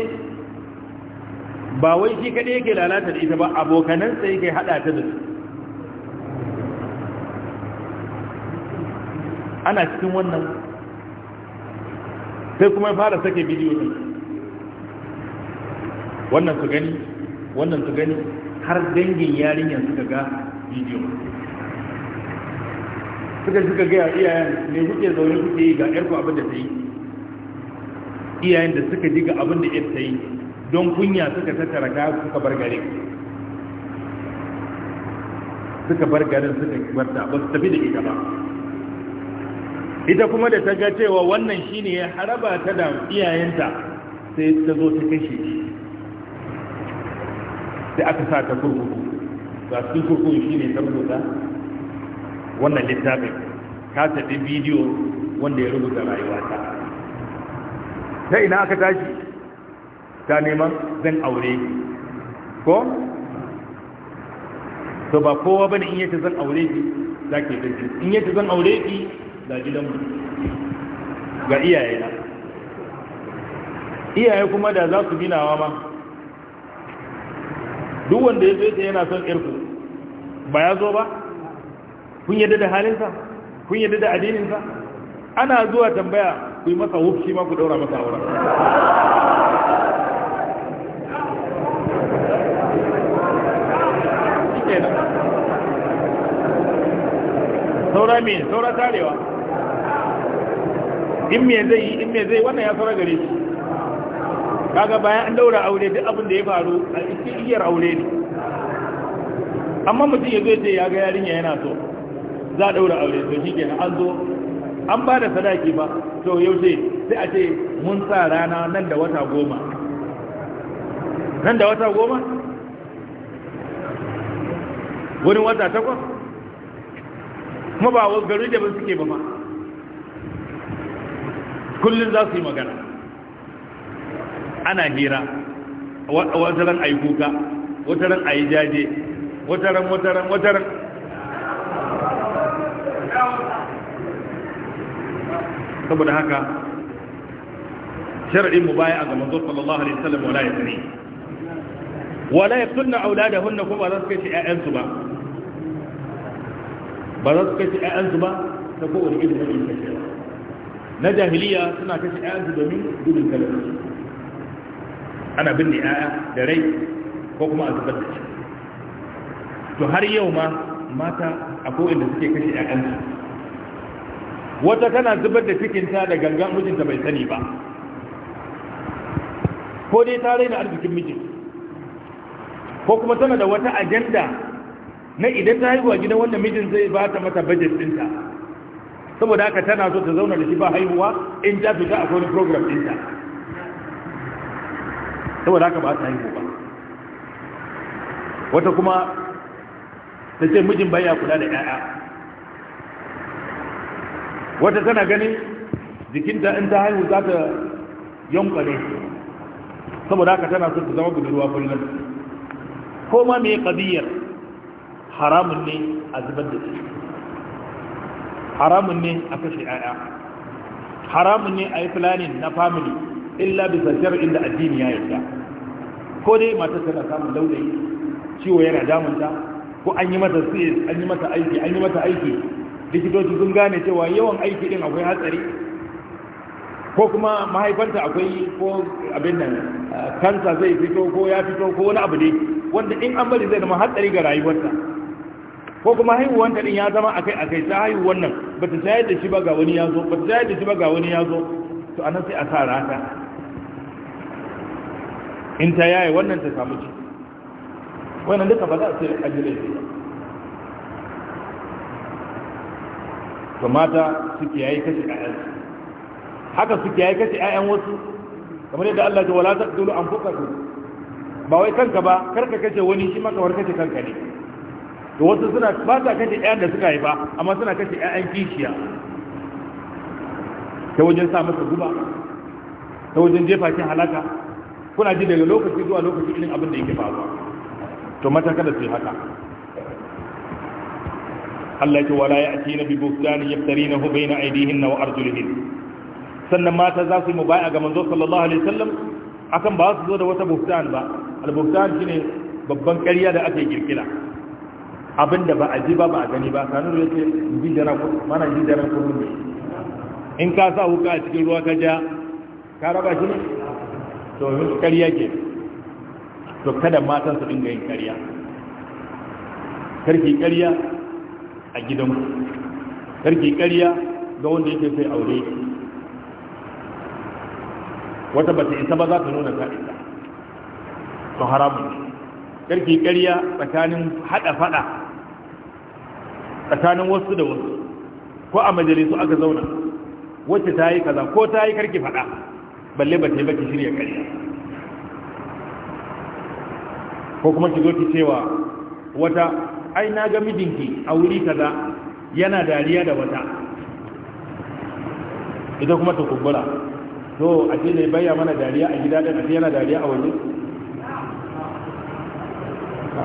ba wai shi kaɗai yake lalata da ita ba abokanansa yake haɗa ta da su ana cikin wannan sai kuma ya fara sake bidiyo ne wannan su gani wannan ka gani har dangin yarinyar suka ga bidiyo suka suka gaya iyayen ne kuke zaune kuke yi ga yarku abin da ta yi iyayen da suka ji ga abin da yar ta yi don kunya suka tattara ka suka bar garin suka bar garin suka barta ba su tafi da ita ba ita kuma da ta ga cewa wannan shine ya haraba ta da iyayenta sai ta zo ta kashe shi sai aka sa ta kurkuku ga cikin kurkuku shi ne ta rubuta wannan littafin ka tafi bidiyo wanda ya rubuta rayuwata ta ina aka tashi ta neman zan aure ko to ba kowa bane in yace zan aure ki zake dace in yace zan aure ki gidan mu ga iyaye na iyaye kuma da za su ginawa ma duk wanda ya zai yana son irku ba ya zo ba kun yadda da halinsa kun yadda da adininsa ana zuwa tambaya ku yi masa wufi ma ku daura masa aura saura me saura tarewa in me zai yi in me zai wannan ya saura gare shi kaga bayan an daura aure duk abin da ya faru a cikin igiyar aure ne amma mutum ya zo ce ya ga yarinya yana so za a daura aure to shi kenan an zo an ba da sadaki ba to yaushe sai a ce mun sa rana nan da wata goma nan da wata goma wani wata takwas kuma ba garin da ba suke ba ma kullum za su yi magana ana hira wata ran ayi kuka wata ran ayi jaje wata ran wata ran wata ran saboda haka shar'in mu baya ga manzo sallallahu alaihi wasallam wala ya yasri wala yaqtulna auladahunna kuma za su kai ƴaƴansu ba ba za su kai ƴaƴansu ba ta kowace irin wani kashewa na jahiliya suna kashe ƴaƴansu domin gudun talauci ana binne yaya da rai ko kuma a zubar da shi to har yau ma mata akwai inda suke kashe yayansu wata tana zubar da cikinta da gangan mijinta bai sani ba ko dai ta raina arzikin mijin ko kuma tana da wata agenda na idan ta haihuwa gidan wanda mijin zai ba ta mata budget ɗinta saboda haka tana so ta zauna da shi ba haihuwa in ta fita a wani program ɗinta saboda haka ba ta haihu ba wata kuma ta ce mijin baya kula da 'ya'ya wata tana ganin jikinta in ta haihu za ta yanka ne saboda haka tana sun ta zama budurwa kullum ko ma mai kadiyar haramun ne a zubar da shi haramun ne a kashe 'ya'ya haramun ne a yi planning na family illa bisa shar'in da addini ya yarda ko dai matar tana samun laulayi ciwo yana damunta ko an yi mata an yi mata aiki an yi mata aiki likitoci sun gane cewa yawan aiki din akwai hatsari ko kuma mahaifanta akwai ko abin nan kansa eh, zai fito ko ya fito ko wani abu ne wanda in an bari zai zama hatsari ga rayuwarta ko kuma ta din ya zama akai akai ta haihu wannan bata shayar da shi ba ga wani ya zo bata shayar da shi ba ga wani ya zo to anan sai a sa rata in ta yaye wannan ta samu ciki wannan duka ba za a ce ajiyar ba to mata suke yayi kashi ƴaƴansu haka suke yayi kashi ayan wasu kamar yadda Allah ta wala taqdulu anfusakum ba wai kanka ba karka kace wani shi maka war kace kanka ne to wasu suna ba ta kace ayan da suka yi ba amma suna kace ayan kishiya ta wajen sa masa guba ta wajen jefa shi halaka kuna ji daga lokaci zuwa lokaci irin abin da yake faruwa to mata kada su haka Allah ce wala ya'tina bi buhtani yaftarinahu bayna aydihinna wa arjulihin sannan mata za su yi mubai'a ga manzo sallallahu alaihi wasallam akan ba su zo da wata buhtan ba al shine babban ƙarya da ake kirkira abinda ba a ji ba ba a gani ba sanu yake ji jara ko mana ji jara ko in ka sa wuka a cikin ruwa ka ja ka raba shi ne to yanzu karya ke to kada matan su dinga yin ƙarya karki karya a gidan karki karya ga wanda yake sai aure wata bata isa ba za ta nuna ta isa to haramun karki karya tsakanin hada fada tsakanin wasu da wasu ko a majalisu aka zauna wacce ta yi kaza ko ta yi karki fada balle ba ta ba ki shirya ƙarya ko kuma ki zo ki cewa wata ai na ga mijinki a wuri kaza yana dariya da wata ita kuma ta kumbura to a ce ne bayya mana dariya a gida da ce yana dariya a waje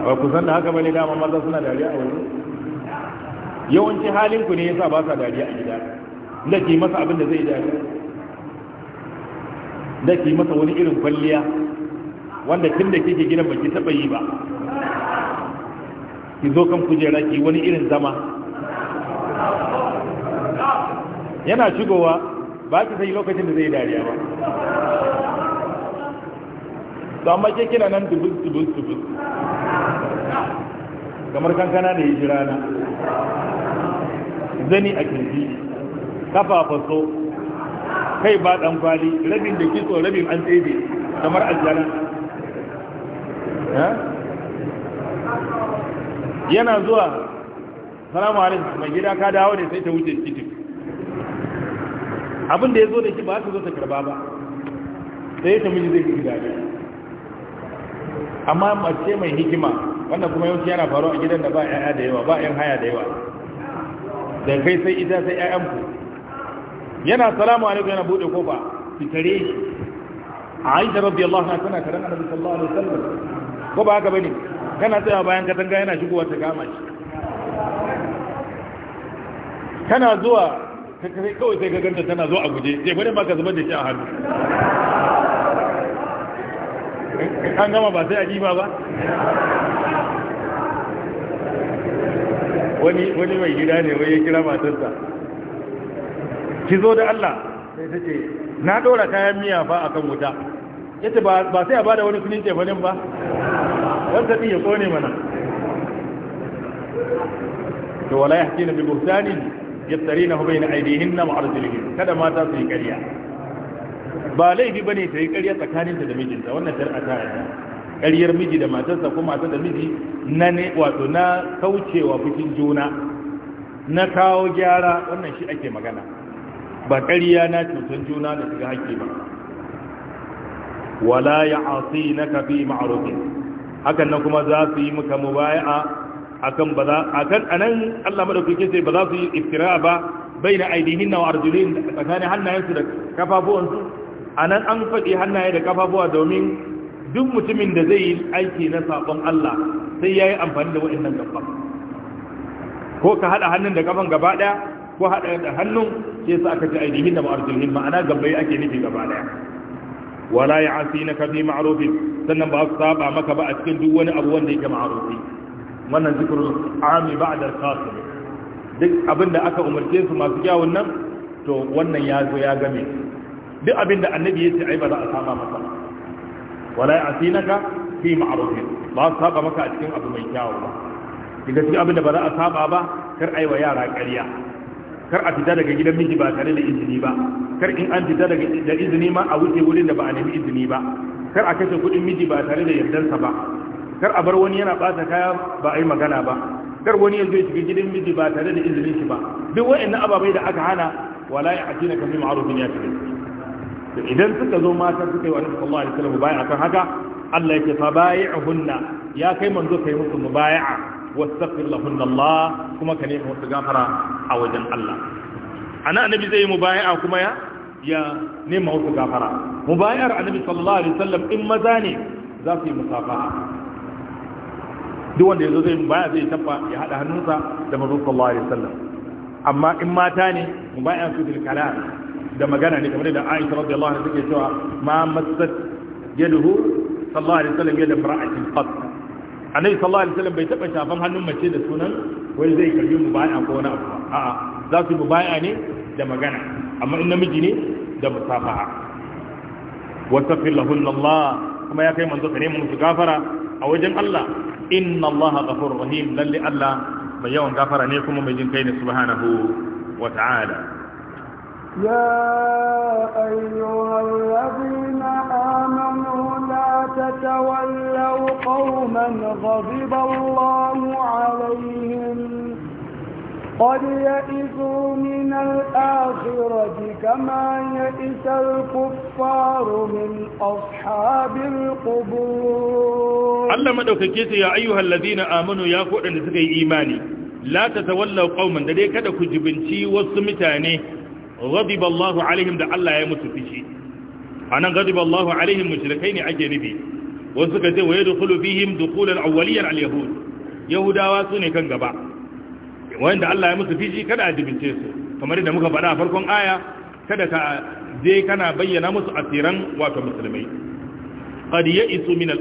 ba ku san da haka bane dama maza suna dariya a waje yawanci halinku ne yasa ba sa dariya a gida da ke masa abin da zai dariya da ke masa wani irin kwalliya wanda tun da kike gidan baki taɓa yi ba ki zo kan kujera ki wani irin zama yana shigowa ba ki sai lokacin da zai dariya ba to amma ke kina nan dubus dubus dubus kamar kankana da hijira na zani a kirji kafa faso kai ba dan kwali rabin da kitso rabin an tsede kamar aljana yana zuwa salamu alaikum mai gida ka dawo ne sai ta wuce cikin abin da ya zo da shi ba ta zo ta karba ba sai ta miji zai gida ne amma mace mai hikima wanda kuma yau yana faruwa a gidan da ba 'ya'ya da yawa ba 'yan haya da yawa da kai sai ita sai 'ya'yanku yana salamu alaikum yana bude kofa fitare shi Aisha radiyallahu anha tana karan Annabi sallallahu alaihi wasallam ko ba haka bane kana tsaya bayan katanga yana shigo ta kama shi kana zuwa kai kawai sai ka ganta tana zo a guje sai bare maka zubar da shi a hannu an gama ba sai a jima ba wani mai gida ne wai ya kira matarsa ki zo da Allah sai ta ce na dora kayan miya fa a kan wuta yace ce ba sai a bada wani kudin tefanin ba wani tafi ya ƙone mana to wala ya yahkina bi buhtani yaftarinahu bayna aydihinna wa arjulihin kada mata su yi ƙarya ba laifi ba ne ta yi ƙarya tsakaninta da mijinta wannan shar'a ta yarda ƙaryar miji da matarsa ko matar da miji na ne wato na kaucewa fikin juna na kawo gyara wannan shi ake magana ba ƙarya na cutar juna da shiga haƙƙi ba wala ya asi na kafi ma'arufin hakan na kuma za su yi muka mubaya'a akan ba za akan anan Allah madaukake sai ba za su yi iftira ba baina aidihin na arjulin tsakanin hannayensu da kafafuwansu anan an faɗi hannaye da kafafuwa domin duk mutumin da zai yi aiki na sabon Allah sai ya yi amfani da waɗannan gaba ko ka haɗa hannun da kafan gaba ɗaya ko haɗa da hannun sai sa aka ci ainihin da ma'arjulhin ma'ana gabbai ake nufi gaba daya wala ya asi na kafi ma'arufin sannan ba su saba maka ba a cikin duk wani abu wanda yake ma'arufi wannan zikirin ami ba a darka duk abin da aka umarce su masu kyawun nan to wannan ya zo ya game duk abin da annabi ya ce ai ba za a saba maka wala ya asi na ka fi ma'arufin ba su saba maka a cikin abu mai kyawu ba daga cikin abin da ba za a saba ba kar aiwa yara ƙarya kar a fita daga gidan miji ba tare da izini ba kar in an fita daga da izini ma a wuce wurin da ba a nemi izini ba kar a kashe kuɗin miji ba tare da yardansa ba kar a bar wani yana ɓata kaya ba a yi magana ba kar wani yanzu ya zo shiga gidan miji ba tare da izinin shi ba duk wa'annan ababai da aka hana wala ya aki na kafin ma'arufin ya shiga idan suka zo mata suka yi wa annabi sallallahu alaihi wasallam baya akan haka Allah yake fa bai'hunna ya kai manzo kai musu mubaya'a wastaqil lahunna Allah kuma ka nemi wasu gafara a wajen Allah ana annabi zai yi mubai'a kuma ya ya nema wasu gafara mubai'ar annabi sallallahu alaihi wasallam in maza ne za su yi musafaha duk wanda yazo zai mubai'a zai tabba ya hada hannunsa da manzo sallallahu alaihi wasallam amma in mata ne mubai'a su bil kalam da magana ne kamar da Aisha radiyallahu anha take cewa ma massat yaduhu sallallahu alaihi wasallam yadu imra'atin qat annabi sallallahu alaihi wasallam bai taba shafan hannun mace da sunan wai zai karbi mubaya ko wani abu a'a za su mubaya ne da magana amma in namiji ne da musafaha wasafi lahunna Allah kuma ya kai manzo kare mu su gafara a wajen Allah inna Allah ghafurur rahim lalle Allah mai yawan gafara ne kuma mai jin kai ne subhanahu wa ta'ala ya ayyuhal ladina amanu la tatawallu من غضب الله عليهم قد يئسوا من الآخرة كما يئس الكفار من أصحاب القبور الله مدوك كيس يا أيها الذين آمنوا يا قوة لسكي إيماني لا تتولوا قوما لدي كده كجبنشي والسمتاني غضب الله عليهم ده الله يمتفشي أنا غضب الله عليهم مشركين أجنبي wasu suka ce wa yadkhulu da dukhulal awwaliyyan al yahud yahudawa su ne kan gaba wanda Allah ya musu fiji kada a jibince su kamar yadda muka faɗa a farkon aya kada ka je kana bayyana musu asiran wato musulmai qad ya'isu min al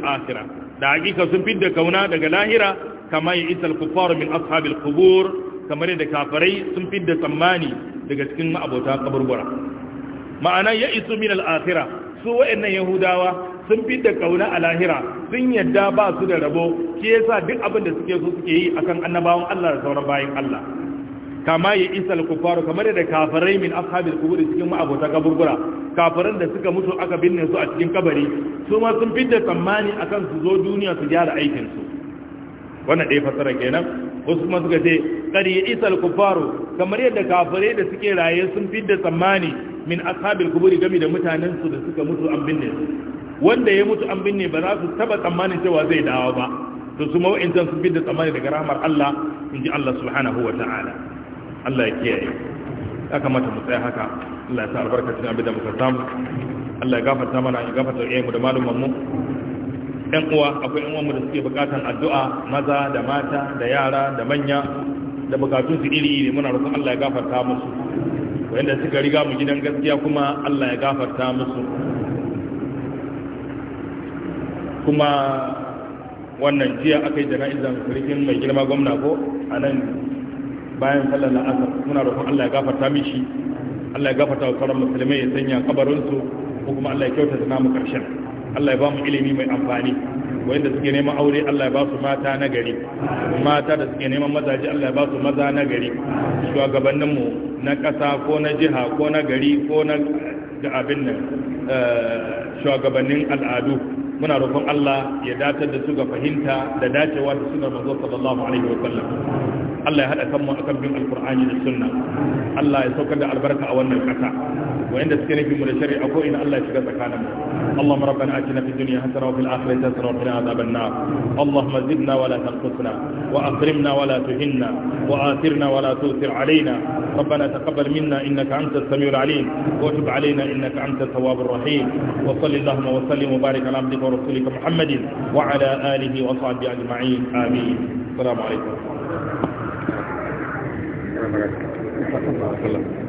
da hakika sun fidda kauna daga lahira kama ya'isa al kuffar min ashabil qubur kamar yadda kafirai sun fidda tsammani daga cikin abota kaburbura ma'ana ya'isu min al akhirah su wa'annan yahudawa sun fi da kauna a lahira sun yadda ba su da rabo shi yasa duk abin da suke su suke yi akan annabawan Allah da sauran bayin Allah kama ya isa al-kufaru kamar da kafirai min ashabil qubur cikin ma'abota kaburbura kafiran da suka mutu aka binne su a cikin kabari su ma sun fi da tsammani akan su zo duniya su gyara aikin su wannan dai fasara kenan wasu kuma suka ce qari isa al-kufaru kamar yadda kafirai da suke raye sun fi da tsammani min ashabil qubur game da mutanen su da suka mutu an binne su wanda ya mutu an binne ba za su taba tsammanin cewa zai dawo ba to su mawa'intan su bin da tsammani daga rahmar Allah in ji Allah subhanahu wa ta'ala Allah ya kiyaye ya kamata mu tsaye haka Allah ya sa albarkacin abin da muka samu Allah ya gafarta mana ya gafarta iyayenmu da malumman mu ɗan uwa akwai ɗan uwanmu da suke bukatan addu'a maza da mata da yara da manya da bukatun su iri iri muna roƙon Allah ya gafarta musu wanda suka riga mu gidan gaskiya kuma Allah ya gafarta musu kuma wannan jiya aka yi jana'izar sarkin mai girma gwamna ko a nan bayan sallala la'asar muna roƙon Allah ya gafarta mishi Allah ya gafarta wa sauran musulmai ya sanya kabarinsu ko kuma Allah ya kyautata namu ƙarshen Allah ya ba mu ilimi mai amfani wanda suke neman aure Allah ya ba su mata na gari mata da suke neman mazaje Allah ya ba su maza na gari shugabanninmu na ƙasa ko na jiha ko na gari ko na da abin nan eh, shugabannin al'adu muna roƙon Allah ya datar da su ga fahimta da dacewa da sunan manzo sallallahu alaihi wa sallam Allah ya haɗa kanmu a kan bin da sunna Allah ya saukar da albarka a wannan ƙasa wa inda suke nufin mu da shari'a a ko'ina ala ya shiga tsakanin mu Allah mu rabbana atina fi dunya hasana wa fil akhirati hasana wa qina adhaban nar Allah mazidna wa la tanqusna wa akrimna wa la tuhinna wa atirna wa la tusir alaina rabbana taqabbal minna innaka antas samiul alim wa tub alaina innaka antat tawwabur rahim wa salli allahumma wa sallim wa barik ala abdika wa rasulika muhammadin wa ala alihi wa sahbihi ajma'in amin السلام عليكم وبركاته